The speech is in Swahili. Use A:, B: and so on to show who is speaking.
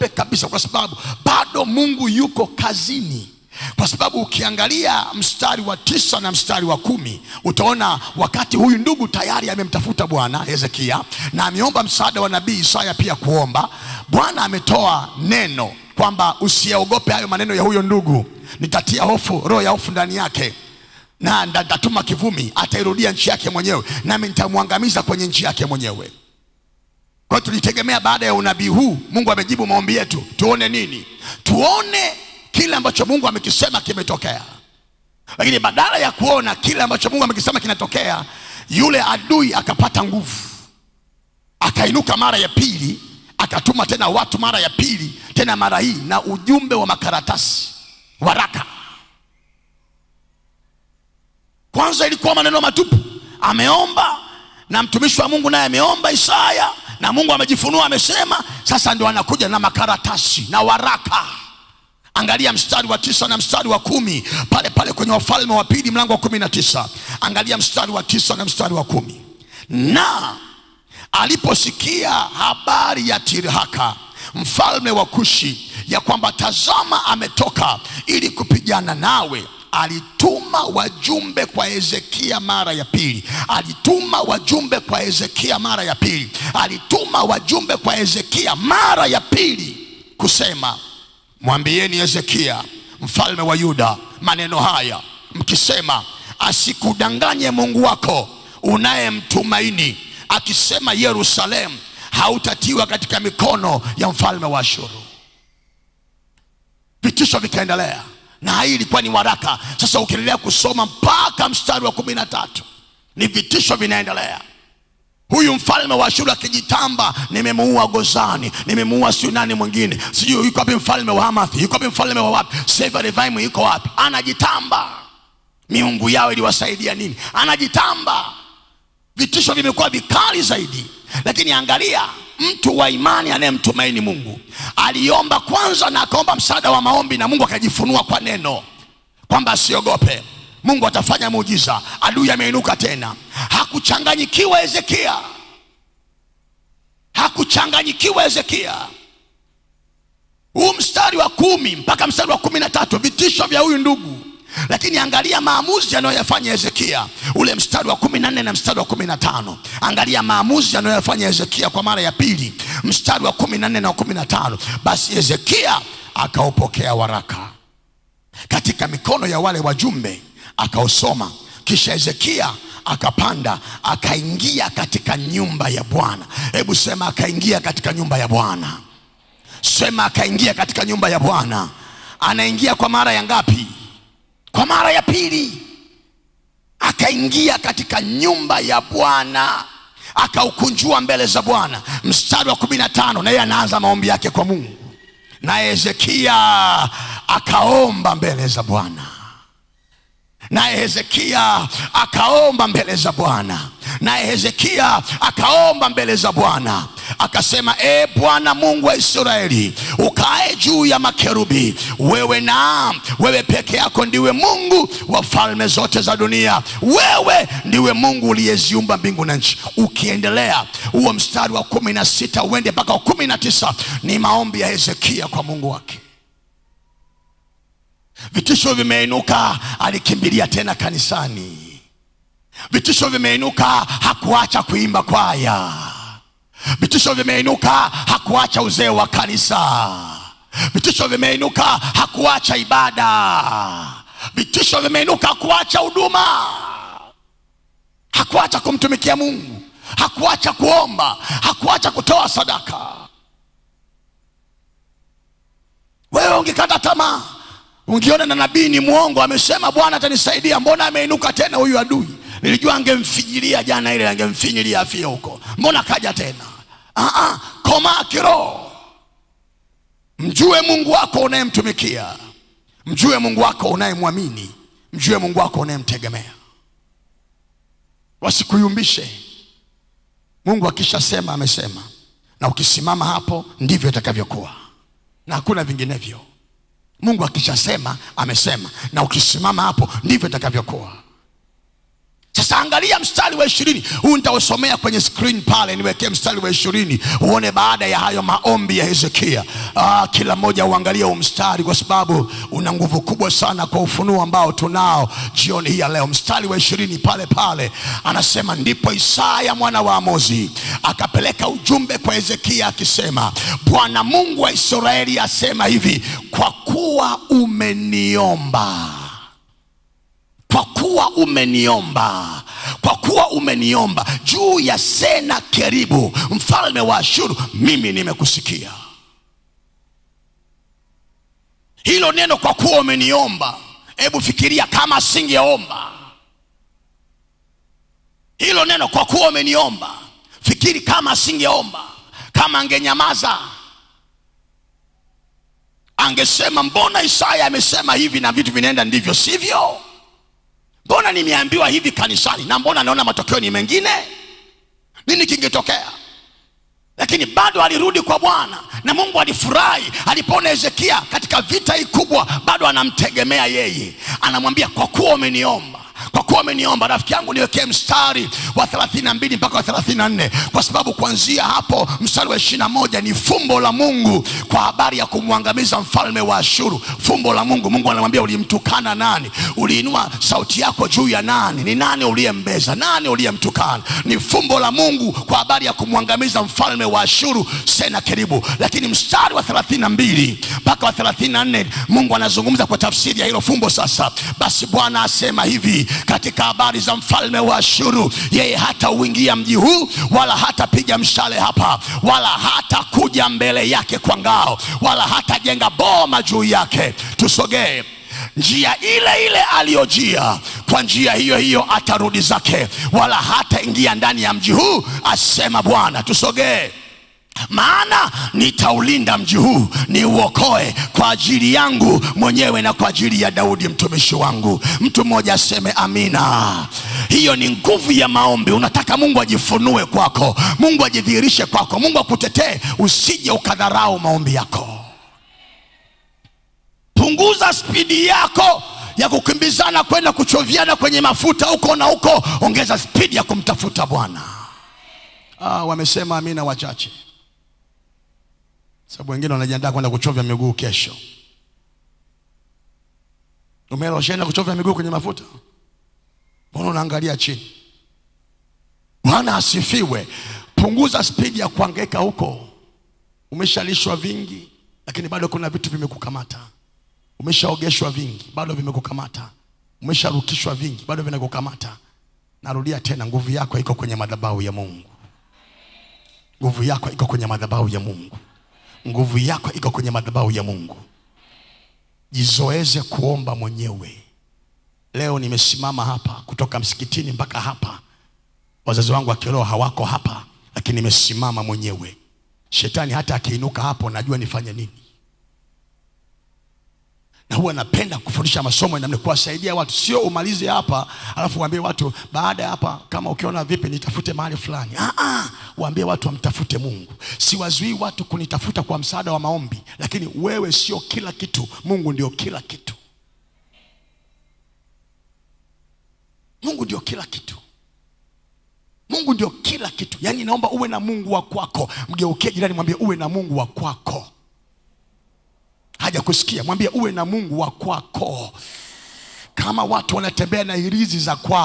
A: mweupe kabisa, kwa sababu bado Mungu yuko kazini kwa sababu ukiangalia mstari wa tisa na mstari wa kumi utaona wakati huyu ndugu tayari amemtafuta Bwana Hezekia na ameomba msaada wa nabii Isaya pia kuomba, Bwana ametoa neno kwamba usiyaogope hayo maneno ya huyo ndugu, nitatia hofu, roho ya hofu ndani yake, na ndatuma kivumi, atairudia nchi yake mwenyewe, nami nitamwangamiza kwenye nchi yake mwenyewe. Kwa hiyo tulitegemea baada ya unabii huu Mungu amejibu maombi yetu. Tuone nini? Tuone kile ambacho Mungu amekisema kimetokea, lakini badala ya kuona kile ambacho Mungu amekisema kinatokea, yule adui akapata nguvu, akainuka mara ya pili, akatuma tena watu mara ya pili, tena mara hii na ujumbe wa makaratasi, waraka. Kwanza ilikuwa maneno matupu, ameomba na mtumishi wa Mungu naye ameomba Isaya na mungu amejifunua amesema sasa ndio anakuja na makaratasi na waraka angalia mstari wa tisa na mstari wa kumi pale pale kwenye wafalme wa pili mlango wa kumi na tisa angalia mstari wa tisa na mstari wa kumi na aliposikia habari ya tirhaka mfalme wa kushi ya kwamba tazama ametoka ili kupigana nawe alituma wajumbe kwa Hezekia mara ya pili, alituma wajumbe kwa Hezekia mara ya pili, alituma wajumbe kwa Hezekia mara ya pili kusema, mwambieni Hezekia mfalme wa Yuda maneno haya mkisema, asikudanganye Mungu wako unayemtumaini akisema, Yerusalemu hautatiwa katika mikono ya mfalme wa Ashuru. Vitisho vikaendelea na hii ilikuwa ni waraka. Sasa ukiendelea kusoma mpaka mstari wa kumi na tatu ni vitisho vinaendelea. Huyu mfalme wa Ashuru akijitamba, nimemuua Gozani, nimemuua siu nani mwingine, sijui yuko wapi mfalme wa Hamathi, yuko wapi mfalme wa wapi, Sefarivaimu yuko wapi? Anajitamba. Miungu yao iliwasaidia nini? Anajitamba. Vitisho vimekuwa vikali zaidi, lakini angalia mtu wa imani anayemtumaini Mungu aliomba kwanza na akaomba msaada wa maombi na mungu akajifunua kwa neno kwamba asiogope mungu atafanya muujiza adui ameinuka tena hakuchanganyikiwa hezekia hakuchanganyikiwa hezekia huu mstari wa kumi mpaka mstari wa kumi na tatu vitisho vya huyu ndugu lakini angalia maamuzi anayoyafanya hezekia ule mstari wa kumi na nne na mstari wa kumi na tano angalia maamuzi anayoyafanya hezekia kwa mara ya pili mstari wa kumi na nne na wa kumi na tano basi hezekia akaupokea waraka katika mikono ya wale wajumbe akaosoma kisha hezekia akapanda akaingia katika nyumba ya bwana hebu sema akaingia katika nyumba ya bwana sema akaingia katika nyumba ya bwana anaingia kwa mara ya ngapi kwa mara ya pili akaingia katika nyumba ya Bwana akaukunjua mbele za Bwana. Mstari wa kumi na tano naye anaanza maombi yake kwa Mungu, na Hezekia akaomba mbele za Bwana, naye Hezekia akaomba mbele za Bwana, naye Hezekia akaomba mbele za Bwana akasema e bwana mungu wa israeli ukae juu ya makerubi wewe na wewe peke yako ndiwe mungu wa falme zote za dunia wewe ndiwe mungu uliyeziumba mbingu na nchi ukiendelea huo mstari wa kumi na sita uende mpaka wa kumi na tisa ni maombi ya hezekia kwa mungu wake vitisho vimeinuka alikimbilia tena kanisani vitisho vimeinuka hakuacha kuimba kwaya vitisho vimeinuka hakuacha uzee wa kanisa vitisho vimeinuka hakuacha ibada vitisho vimeinuka hakuacha huduma hakuacha kumtumikia mungu hakuacha kuomba hakuacha kutoa sadaka wewe ungekata tamaa ungiona na nabii ni mwongo amesema bwana atanisaidia mbona ameinuka tena huyu adui nilijua angemfijilia jana ile angemfinyilia afie huko mbona kaja tena ah, ah komaa kiroho, mjue Mungu wako unayemtumikia, mjue Mungu wako unayemwamini, mjue Mungu wako unayemtegemea, wasikuyumbishe. Mungu akishasema amesema, na ukisimama hapo ndivyo itakavyokuwa na hakuna vinginevyo. Mungu akishasema amesema, na ukisimama hapo ndivyo itakavyokuwa sasa angalia mstari wa ishirini huu nitausomea kwenye skrin pale niwekee mstari wa ishirini uone baada ya hayo maombi ya hezekia ah, kila mmoja uangalie huu mstari kwa sababu una nguvu kubwa sana kwa ufunuo ambao tunao jioni hii ya leo mstari wa ishirini pale pale anasema ndipo isaya mwana wa amozi akapeleka ujumbe kwa hezekia akisema bwana mungu wa israeli asema hivi kwa kuwa umeniomba kwa kuwa umeniomba kwa kuwa umeniomba juu ya sena keribu mfalme wa Ashuru, mimi nimekusikia. Hilo neno kwa kuwa umeniomba, hebu fikiria kama asingeomba hilo neno. Kwa kuwa umeniomba, fikiri kama asingeomba, kama angenyamaza angesema mbona Isaya amesema hivi na vitu vinaenda ndivyo sivyo? mbona nimeambiwa hivi kanisani na mbona naona matokeo ni mengine nini kingetokea lakini bado alirudi kwa bwana na mungu alifurahi alipoona hezekia katika vita hii kubwa bado anamtegemea yeye anamwambia kwa kuwa umeniomba ulikuwa umeniomba rafiki yangu niwekee mstari wa 32 mpaka wa 34 kwa sababu kuanzia hapo mstari wa 21 ni fumbo la mungu kwa habari ya kumwangamiza mfalme wa ashuru fumbo la mungu mungu anamwambia ulimtukana nani uliinua sauti yako juu ya nani ni nani uliyembeza nani uliyemtukana ni fumbo la mungu kwa habari ya kumwangamiza mfalme wa ashuru senakeribu lakini mstari wa 32 mpaka wa 34 mungu anazungumza kwa tafsiri ya hilo fumbo sasa basi bwana asema hivi katika katika habari za mfalme wa ashuru yeye hatauingia mji huu wala hatapiga mshale hapa wala hatakuja mbele yake kwa ngao wala hatajenga boma juu yake tusogee njia ile ile aliyojia kwa njia hiyo hiyo atarudi zake wala hataingia ndani ya mji huu asema bwana tusogee maana nitaulinda mji huu niuokoe kwa ajili yangu mwenyewe na kwa ajili ya daudi mtumishi wangu mtu mmoja aseme amina hiyo ni nguvu ya maombi unataka mungu ajifunue kwako mungu ajidhihirishe kwako mungu akutetee usije ukadharau maombi yako punguza spidi yako ya kukimbizana kwenda kuchoviana kwenye mafuta huko na huko ongeza spidi ya kumtafuta bwana ah, wamesema amina wachache sababu wengine wanajiandaa kwenda kuchovya miguu kesho. Umeelewa? Ushaenda kuchovya miguu kwenye mafuta, mbona unaangalia chini? Bwana asifiwe. Punguza spidi ya kuangaika huko. Umeshalishwa vingi, lakini bado kuna vitu vimekukamata. Umeshaogeshwa vingi, bado vimekukamata. Umesharukishwa vingi, bado vinakukamata. Narudia tena, nguvu yako iko kwenye madhabahu ya Mungu. Nguvu yako iko kwenye madhabahu ya Mungu. Nguvu yako iko kwenye madhabahu ya Mungu. Jizoeze kuomba mwenyewe. Leo nimesimama hapa kutoka msikitini mpaka hapa, wazazi wangu wa kiroho hawako hapa, lakini nimesimama mwenyewe. Shetani hata akiinuka hapo, najua nifanye nini na huwa napenda kufundisha masomo namna kuwasaidia watu, sio umalize hapa alafu waambie watu baada ya hapa, kama ukiona vipi nitafute mahali fulani. Ah ah, waambie watu wamtafute Mungu. Siwazuii watu kunitafuta kwa msaada wa maombi, lakini wewe sio kila kitu. Mungu ndio kila kitu. Mungu ndio kila kitu. Mungu ndio kila kitu. Yaani naomba uwe na Mungu wa kwako. Mgeukie jirani mwambie uwe na Mungu wa kwako hajakusikia mwambie uwe na mungu wa kwako kama watu wanatembea na hirizi za kwao